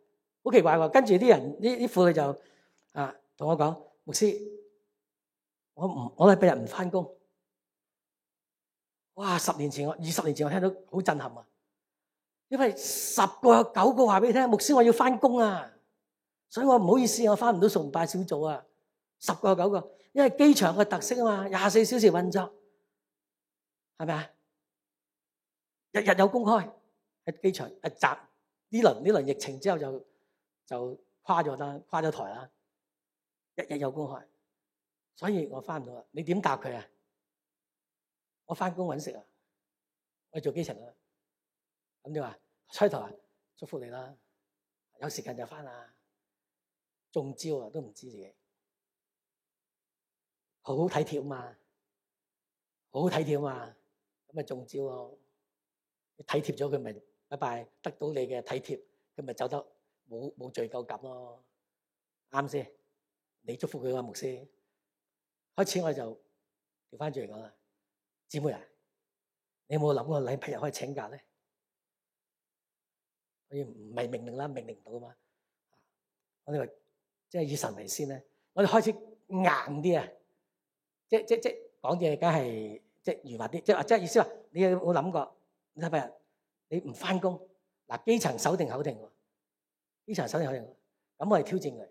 好奇怪喎。跟住啲人呢啲婦女就啊同我講，牧師，我唔我禮拜日唔翻工。哇！十年前我，二十年前我聽到好震撼啊！因為十個有九個話俾你聽，牧師我要翻工啊，所以我唔好意思，我翻唔到崇拜小組啊。十個有九個，因為機場嘅特色啊嘛，廿四小時運作，係咪啊？日日有公開喺機場一集呢輪呢輪疫情之後就就跨咗啦，跨咗台啦，日日有公開，所以我翻唔到啊。你點答佢啊？我返工搵食啊！我做基層啦。咁你話開頭啊，祝福你啦。有時間就返啊。中招啊，都唔知自己。好好體貼啊嘛，好好體貼啊嘛。咁咪中招咯。體貼咗佢，咪拜拜。得到你嘅體貼，佢咪走得冇冇罪疚感咯。啱先，你祝福佢啊，牧師。開始我就調翻轉嚟講啦。姊妹啊，你有冇諗過禮拜日可以請假咧？我哋唔係命令啦，命令唔到啊嘛。我哋話即係以神為先咧，我哋開始硬啲啊，即即即講嘢梗係即圓滑啲，即即意思話，你有冇諗過禮拜日你唔翻工嗱？基層守定口定，基層守定口定，咁我哋挑戰佢，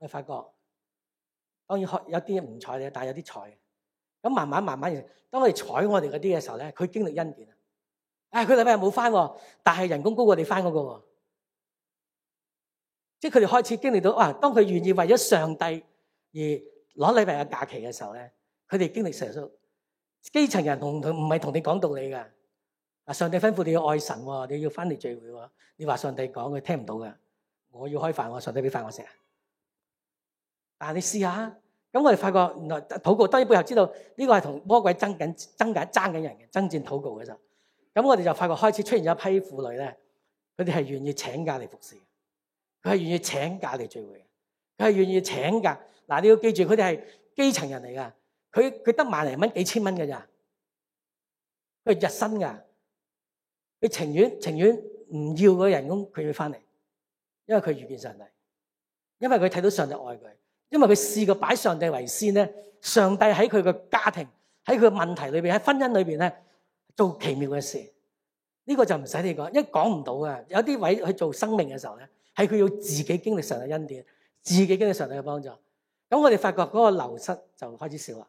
我哋發覺。當然有啲唔睬你，但係有啲睬。咁慢慢慢慢，當佢睬我哋嗰啲嘅時候咧，佢經歷恩典啊！唉、哎，佢禮拜日冇翻，但係人工高過你翻嗰個。即係佢哋開始經歷到啊，當佢願意為咗上帝而攞禮拜日假期嘅時候咧，佢哋經歷成日都。基層人同唔係同你講道理㗎。啊，上帝吩咐你要愛神喎，你要翻嚟聚會喎。你話上帝講佢聽唔到㗎，我要開飯喎，上帝俾飯我食啊！嗱、啊，你試下，咁我哋發覺原來禱告當然，背後知道呢個係同魔鬼爭緊、爭緊、爭緊人嘅，爭戰禱告嘅就，咁我哋就發覺開始出現咗一批婦女咧，佢哋係願意請假嚟服侍，佢係願意請假嚟聚會，佢係願意請假。嗱，你要記住，佢哋係基層人嚟噶，佢佢得萬零蚊、幾千蚊㗎咋，佢係日薪噶，佢情願情願唔要個人工，佢要翻嚟，因為佢遇見上帝，因為佢睇到上帝愛佢。因為佢試過擺上帝為先咧，上帝喺佢嘅家庭，喺佢嘅問題裏邊，喺婚姻裏邊咧，做奇妙嘅事。呢個就唔使你講，一講唔到啊！有啲位去做生命嘅時候咧，係佢要自己經歷上帝恩典，自己經歷上帝嘅幫助。咁我哋發覺嗰個流失就開始少啦。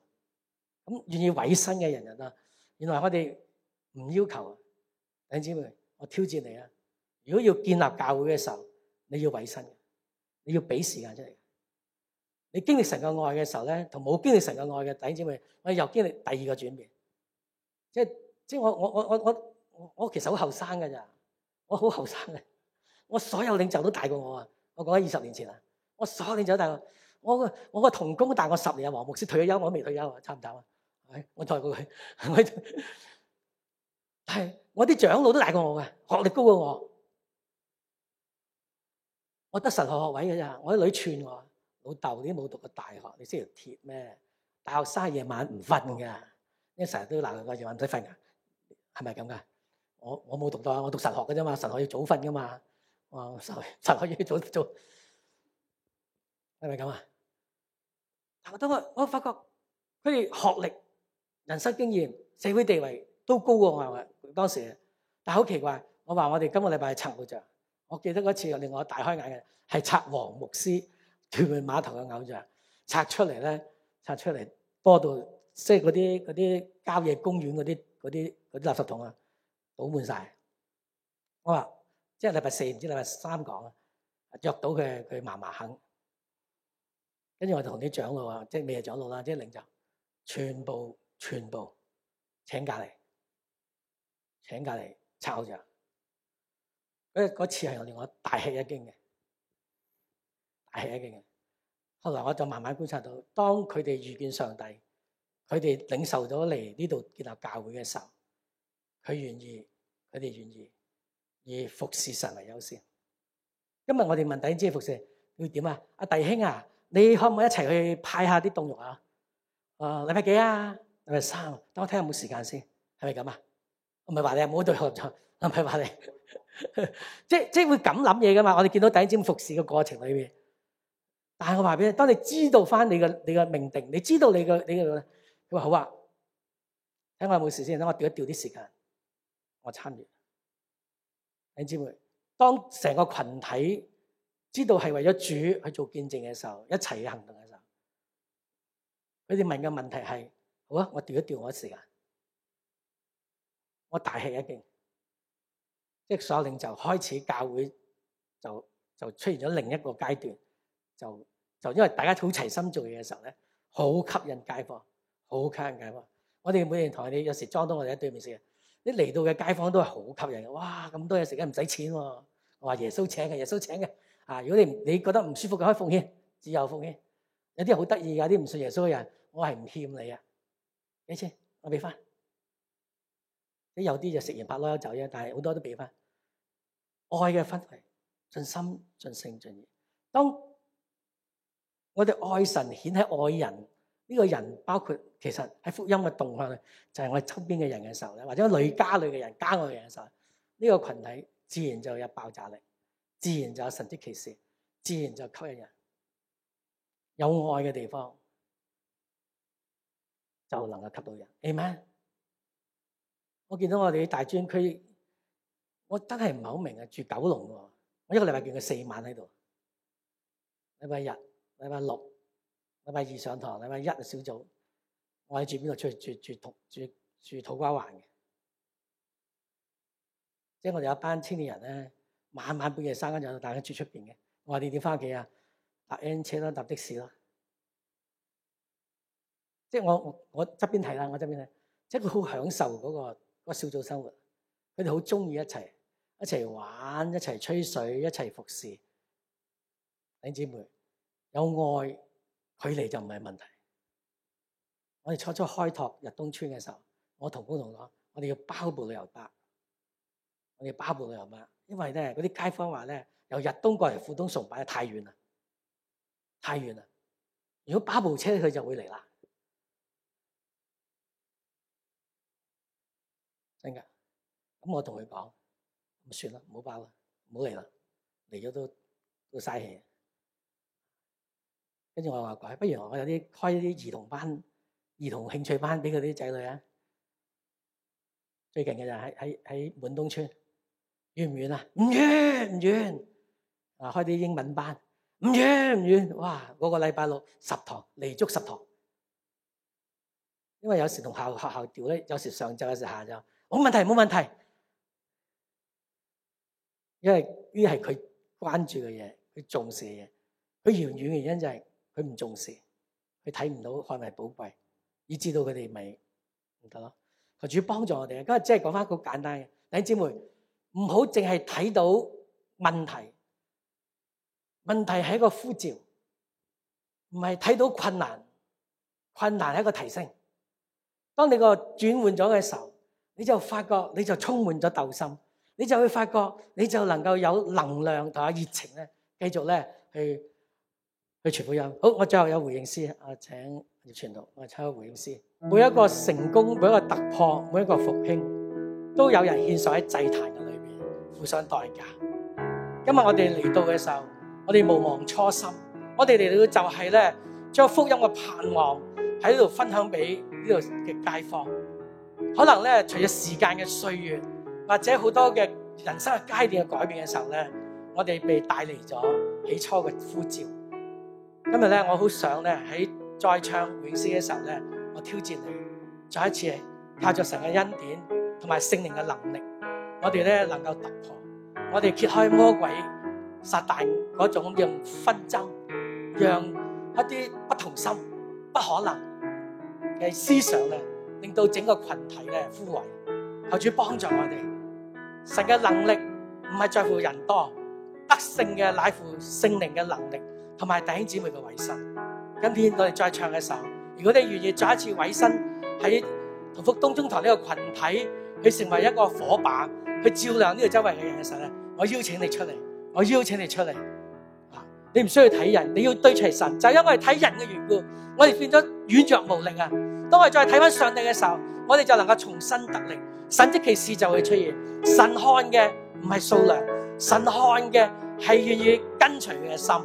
咁願意委身嘅人人啊，原來我哋唔要求啊，弟兄姊妹，我挑戰你啊！如果要建立教會嘅時候，你要委身，你要俾時間出嚟。你經歷神嘅愛嘅時候咧，同冇經歷神嘅愛嘅弟兄姊妹，我又經歷第二個轉變。即係即係我我我我我我其實好後生嘅咋，我好後生嘅，我所有領袖都大過我啊！我講緊二十年前啊，我所有領袖都大過我，我我個同工大我十年啊，黃牧師退咗休，我都未退休啊，差唔多啊，我代過佢，係我啲 長老都大過我嘅，學歷高過我，我得神學學位嘅咋，我啲女串我。老豆你都冇讀過大學，你識條鐵咩？大學生夜晚唔瞓噶，因為成日都鬧佢，我夜晚唔使瞓噶，係咪咁噶？我我冇讀到學，我讀神學嘅啫嘛，神學要早瞓噶嘛。我、哦、神學神學要早做，係咪咁啊？我都我發覺佢哋學歷、人生經驗、社會地位都高過我，係咪？當時，但係好奇怪，我話我哋今個禮拜係拆木匠，我記得嗰次令我大開眼嘅係拆黃牧師。屯門碼頭嘅偶像拆出嚟咧，拆出嚟多到即係嗰啲嗰啲郊野公園嗰啲嗰啲嗰啲垃圾桶啊，倒滿晒。我話即係禮拜四唔知禮拜三講啊，約到佢佢嫲嫲肯，跟住我同啲長老啊，即係咩嘢長老啦，即係領袖，全部全部請假嚟請假嚟抄啫。嗰嗰次係令我大吃一驚嘅。係一定嘅。後來我就慢慢觀察到，當佢哋遇見上帝，佢哋領受咗嚟呢度建立教會嘅時候，佢願意，佢哋願意，以服侍神為優先。今日我哋問弟兄，知唔知服侍，會點啊？阿弟兄啊，你可唔可以一齊去派下啲凍肉啊？誒，禮拜幾啊？禮拜三。等我睇下有冇時間先，係咪咁啊？唔係話你冇對號錯，唔係話你，是你 即即會咁諗嘢噶嘛？我哋見到弟兄咁服侍嘅過程裏面。但係我話俾你，當你知道翻你嘅你嘅命定，你知道你嘅你嘅，佢話好啊，睇我有冇事先等我調一調啲時間，我參與。弟兄姊妹，當成個群體知道係為咗主去做見證嘅時候，一齊行動嘅時候，佢哋問嘅問題係：好啊，我調一調我時間，我大吃一驚，即所有領袖就開始教會就就出現咗另一個階段就。就因為大家好齊心做嘢嘅時候咧，好吸引街坊，好吸引街坊。我哋每夜台你，有時裝到我哋喺對面食嘅，你嚟到嘅街坊都係好吸引嘅。哇，咁多嘢食嘅唔使錢喎，啊！我話耶穌請嘅，耶穌請嘅。啊，如果你唔你覺得唔舒服嘅，可以奉獻，自由奉獻。有啲好得意嘅，啲唔信耶穌嘅人，我係唔欠你啊。幾錢？我俾翻。啲有啲就食完拍拍籮柚走啫，但係好多都俾翻。愛嘅氛圍，盡心盡性盡意。當我哋愛神顯喺愛人呢、這個人，包括其實喺福音嘅動向，就係、是、我哋周邊嘅人嘅時候咧，或者女家裏嘅人，家外嘅人嘅時候，呢、這個群體自然就有爆炸力，自然就有神蹟奇事，自然就吸引人。有愛嘅地方就能夠吸到人，係咩？我見到我哋大專區，我真係唔係好明啊，住九龍嘅，我一個禮拜見佢四晚喺度，禮拜日。禮拜六、禮拜二上堂，禮拜一小組，我喺住邊度？住住住土住住，住土瓜灣嘅，即係我哋一班青年人咧，晚晚半夜三更就大家住出邊嘅。我話你點翻屋企啊？搭 N 車咯，搭的士啦。即係我我我側邊睇啦，我側邊睇，即係佢好享受嗰個嗰個小組生活，佢哋好中意一齊一齊玩，一齊吹水，一齊服侍，弟兄姊妹。有愛，距離就唔係問題。我哋初初開拓日東村嘅時候，我同工同講，我哋要包部旅遊巴，我哋要包部旅遊巴，因為咧嗰啲街坊話咧，由日東過嚟富東崇拜得太遠啦，太遠啦。如果包部車佢就會嚟啦，真噶。咁我同佢講，算啦，唔好包啦，唔好嚟啦，嚟咗都都嘥氣。我話改，不如我有啲開啲兒童班、兒童興趣班俾佢啲仔女啊，最近嘅就喺喺喺滿東村，遠唔遠啊？唔遠唔遠，啊開啲英文班，唔遠唔遠，哇！嗰個禮拜六十堂，嚟足十堂。因為有時同校學校調咧，有時上晝，有時下晝，冇問題冇問題，因為呢係佢關注嘅嘢，佢重視嘅嘢，佢遙遠嘅原因就係。佢唔重視，佢睇唔到看為寶貴，要知道佢哋咪唔得咯。求主要幫助我哋啊，今日即係講翻個簡單嘅。弟兄姊妹唔好淨係睇到問題，問題係一個呼召，唔係睇到困難，困難係一個提升。當你個轉換咗嘅時候，你就發覺你就充滿咗鬥心，你就會發覺你就能夠有能量同埋熱情咧，繼續咧去。佢傳福音，好，我最後有回應先。啊，請葉傳道，我抽個回應先。每一個成功，每一個突破，每一個復興，都有人獻上喺祭壇嘅裏面，付上代價。今日我哋嚟到嘅時候，我哋毋忘初心，我哋嚟到就係咧，將福音嘅盼望喺呢度分享俾呢度嘅街坊。可能咧，隨住時間嘅歲月，或者好多嘅人生嘅階段嘅改變嘅時候咧，我哋被帶嚟咗起初嘅呼召。今日咧，我好想咧喺再唱永生嘅時候咧，我挑戰你，再一次係靠着神嘅恩典同埋聖靈嘅能力，我哋咧能夠突破，我哋揭開魔鬼撒但嗰種用紛爭，讓一啲不同心、不可能嘅思想咧，令到整個群體咧枯萎。求主幫助我哋，神嘅能力唔係在乎人多，得勝嘅乃乎聖靈嘅能力。同埋弟兄姊妹嘅委身，今天我哋再唱嘅時候，如果你願意再一次委身喺同福東中堂呢個群體，去成為一個火把，去照亮呢個周圍嘅人嘅時候咧，我邀請你出嚟，我邀請你出嚟。你唔需要睇人，你要對住神。就係因為睇人嘅緣故，我哋變咗軟弱無力啊。當我哋再睇翻上帝嘅時候，我哋就能夠重新得力，神蹟奇事就會出現。神看嘅唔係數量，神看嘅係願意跟隨佢嘅心。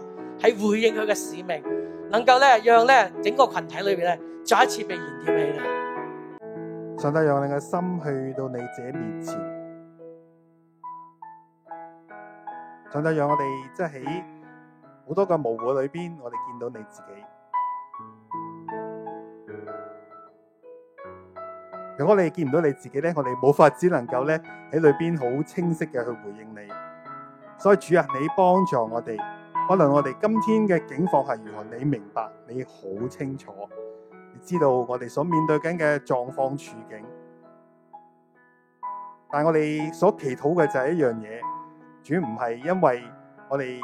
喺回應佢嘅使命，能夠咧讓咧整個群體裏邊咧再一次被燃點起嚟。上帝讓我哋嘅心去到你自己面前。上帝讓我哋即係喺好多嘅模糊裏邊，我哋見到你自己。如果你哋見唔到你自己咧，我哋冇法只能夠咧喺裏邊好清晰嘅去回應你。所以主啊，你幫助我哋。可能我哋今天嘅境況係如何，你明白，你好清楚，你知道我哋所面對緊嘅狀況處境。但係我哋所祈禱嘅就係一樣嘢，主要唔係因為我哋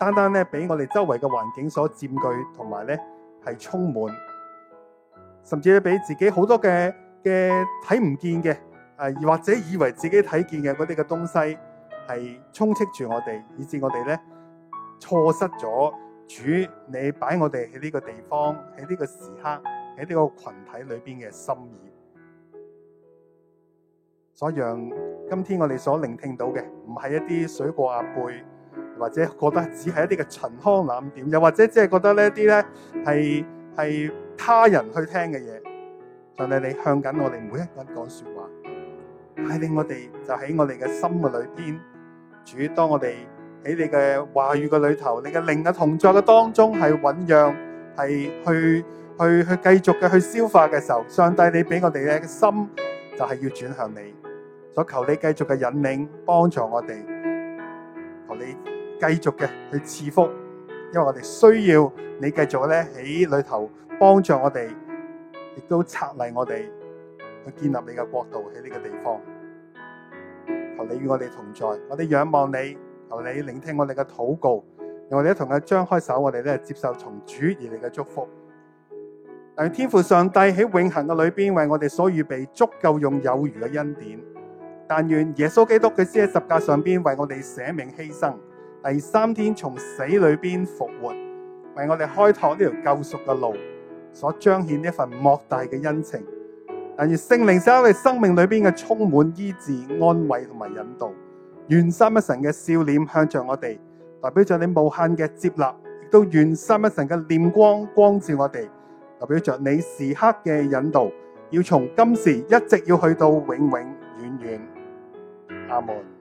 單單咧俾我哋周圍嘅環境所佔據，同埋咧係充滿，甚至俾自己好多嘅嘅睇唔見嘅啊而或者以為自己睇見嘅嗰啲嘅東西係充斥住我哋，以至我哋咧。錯失咗主，你擺我哋喺呢個地方，喺呢個時刻，喺呢個群體裏邊嘅心意，所以讓今天我哋所聆聽到嘅，唔係一啲水過鴨背，或者覺得只係一啲嘅陳腔濫調，又或者只係覺得呢一啲咧係係他人去聽嘅嘢，但係你向緊我哋每一個人講説話，係令我哋就喺我哋嘅心嘅裏邊，主當我哋。喺你嘅話語嘅裏頭，你嘅靈嘅同在嘅當中，係醞釀，係去去去繼續嘅去消化嘅時候，上帝，你俾我哋嘅心就係要轉向你，所以求你繼續嘅引領幫助我哋，求你繼續嘅去賜福，因為我哋需要你繼續咧喺裏頭幫助我哋，亦都策勵我哋去建立你嘅國度喺呢個地方，求你與我哋同在，我哋仰望你。由你聆聽我哋嘅禱告，我哋一同嘅張開手，我哋咧接受從主而嚟嘅祝福。但願天父上帝喺永恒嘅裏邊為我哋所預備足夠用有餘嘅恩典。但願耶穌基督佢先喺十架上邊為我哋捨命犧牲，第三天從死裏邊復活，為我哋開拓呢條救贖嘅路，所彰顯呢份莫大嘅恩情。但願聖靈係喺我哋生命裏邊嘅充滿醫治、安慰同埋引導。願三一神嘅笑臉向着我哋，代表着你無限嘅接納；亦都願三一神嘅念光光照我哋，代表着你時刻嘅引導。要從今時一直要去到永永遠遠。阿門。